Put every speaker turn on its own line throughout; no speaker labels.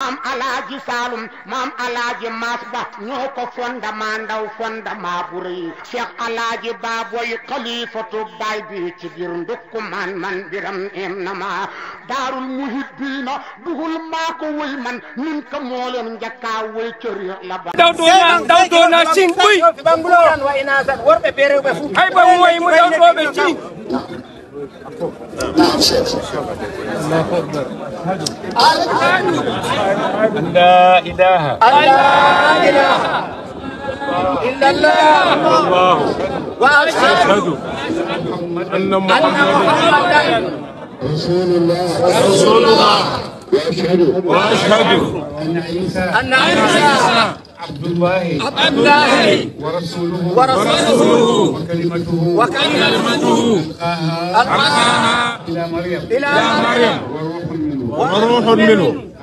maam alaaji saalum maam alaaji maas ba fonda ma ndaw fonda ma bu rëy alaaji baaboy xalifatu baay bi ci man biram em ma daarul muhibbiina dugul maa ko min ka moo leen njëkkaa wëy cër la ba
نعم شيخ الله اكبر
ان لا اله ان لا اله الا الله
واشهد
ان محمدا
رسول الله رسول الله
واشهد واشهد
ان عيسى ان عيسى عبد الله عبد الله ورسوله ورسوله وكلمته وكلمته ألقاها إلى مريم إلى مريم
وروح منه وروح منه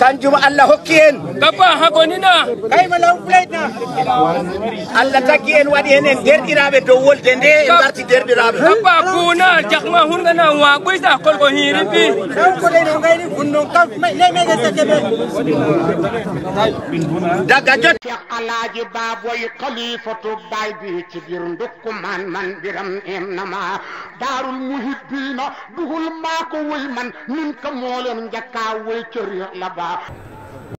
كان جوا الله هكين كبا هكونينا كاي ما لو بلينا الله تكين وادين دير ايرابي دوول دندي بارتي دير ايرابي كبا كونا جخما هونغنا وا بويسا كل كو هيري بي كان كو لينو غاي ني فونو كاف ماي ني ميغا تكبي
داغا جوت يا الله باب وي خليفه باي بي تي بير ندوك مان مان بيرم ام نما دار المحبين دغول ماكو وي من نين moo leen njëkkaa way cër ya la baax